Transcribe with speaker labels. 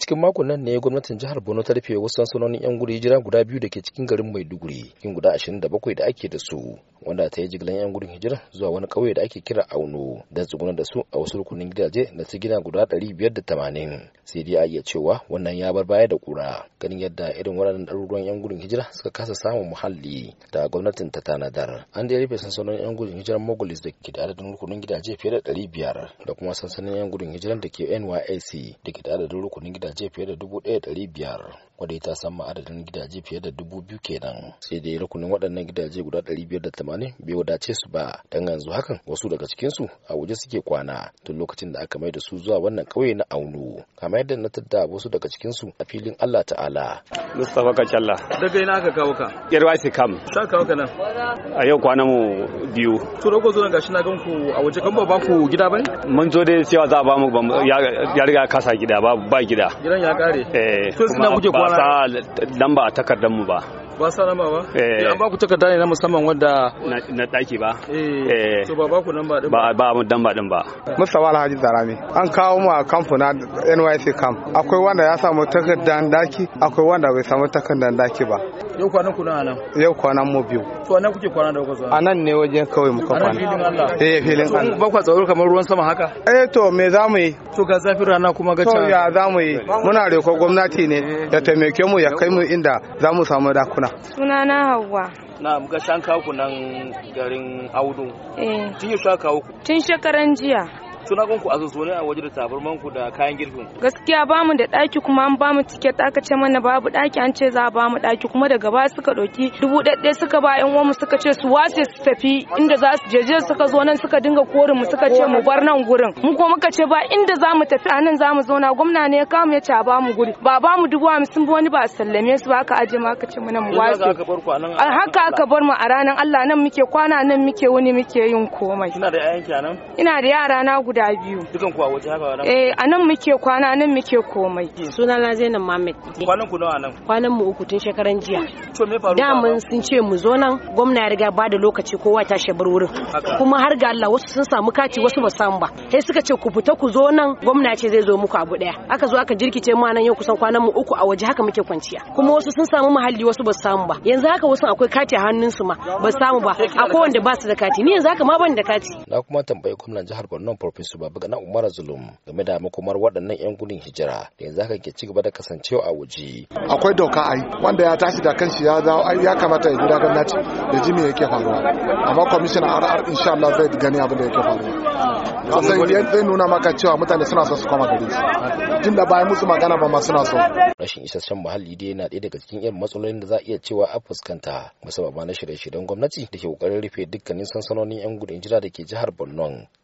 Speaker 1: cikin makon nan ne gwamnatin jihar Borno ta rufe wasu sansanonin yan gudun hijira guda biyu da ke cikin garin Maiduguri, yin guda 27 da ake da su, wanda ta yi jigilan yan gudun hijira zuwa wani ƙauye da ake kira Auno, da tsuguna da su a wasu rukunin gidaje na su gina guda 580. Sai dai a iya cewa wannan ya bar baya da kura, ganin yadda irin waɗannan ɗaruruwan yan gudun hijira suka kasa samun muhalli da gwamnatin ta tanadar. An da rufe sansanonin yan gudun hijira Mogulis da ke da adadin rukunin gidaje fiye da 500 da kuma sansanonin yan gudun hijira da ke NYSC da ke da adadin rukunin gidaje fiye da dubu ɗaya da biyar wadda ta samu adadin gidaje fiye da dubu biyu kenan sai dai rukunin waɗannan gidaje guda ɗari biyar da tamanin bai wadace su ba don yanzu hakan wasu daga cikinsu a waje suke kwana tun lokacin da aka mai da su zuwa wannan ƙauye na aunu kamar yadda na tadda wasu daga cikinsu a filin allah ta'ala mustapha kacalla daga ina aka kawo ka yar sai kam sa kawo ka nan a yau kwana mu biyu to rogo zo nan gashi na ganku a waje kan ba ku gida bane mun zo dai cewa za a ba mu ya riga kasa gida ba ba gida gidan ya kare eh to ina kuke kwana sa lamba a takardar mu ba ba sa lamba ba eh an ba ku takarda ne na musamman wanda na daki ba eh. eh to ba ba ku lamba din ba ba
Speaker 2: mu lamba din ba
Speaker 1: Mustafa Alhaji Zarami an kawo mu a na NYC camp akwai wanda ya samu takardar daki akwai wanda bai samu takardar daki ba yau kwanan ku nan yau kwanan mu biyu to anan kuke kwana da kwazo anan ne wajen kawai muka kwana a nan eh filin Allah ba ku tsaro kamar ruwan sama haka eh to me zamu yi to ga zafin rana kuma ga to ya zamu yi muna roƙon gwamnati ne da eh. ta taimake mu ya kai mu inda za mu samu dakuna
Speaker 2: sunana Hauwa.
Speaker 1: na ga shan kaku nan garin audu eh tun yi
Speaker 2: tun shekaran jiya
Speaker 1: suna gunku a zazzone a waje da tabarman ku da kayan girkin
Speaker 2: gaskiya ba mu da daki kuma an ba mu tiket aka ce mana babu daki an ce za a ba mu daki kuma daga ba suka dauki dubu ɗaɗɗe suka ba yan uwanmu suka ce su wace su tafi inda za su jeje suka zo nan suka dinga korin mu suka ce mu bar nan gurin mu ko muka ce ba inda za mu tafi anan za mu zauna gwamna ne ya kawo ya ce a ba mu guri ba ba mu dubu hamsin ba wani ba sallame su ba aka aje ma aka ce mu nan mu wase haka aka bar mu a ranar Allah nan muke kwana nan muke wani muke yin komai ina da yaran ina da yara na guda gida biyu dukan ku a waje haka nan eh a nan muke kwana nan muke komai hmm. suna na Zainab Mohammed kwanan ku nawa nan kwanan mu uku tun shekaran jiya to me faru da mun sun ce mu zo nan gwamna ya riga ba da lokaci kowa ta shabar wurin kuma har ga Allah wasu sun samu kati wasu ba samu ba sai suka ce ku fita ku zo nan gwamna ce zai zo muku abu daya aka zo aka jirkice mu nan yau kusan kwanan mu uku a waje haka muke kwanciya kuma wasu sun samu muhalli wasu ba samu ba yanzu haka wasu akwai kati a hannun su ma ba samu ba akwai wanda ba su da kati ni yanzu haka ma ban da kati
Speaker 1: na kuma tambayi gwamnan jihar Borno Prof farfesu babu na umar zulum game da makomar waɗannan 'yan gudun hijira da yanzu haka ke cigaba da kasancewa a waje
Speaker 2: akwai doka ai wanda ya tashi da kanshi ya ya kamata ya gida gwamnati da jimi yake faruwa amma kwamishinan rr insha Allah zai gani abin da yake faruwa zai nuna maka cewa mutane suna so su koma gari tun da bayan musu magana ba ma suna so
Speaker 1: rashin isasshen muhalli dai yana ɗaya daga cikin irin matsalolin da za a iya cewa a fuskanta musamman na shirye-shiryen gwamnati da ke ƙoƙarin rufe dukkanin sansanonin 'yan gudun hijira da ke jihar Borno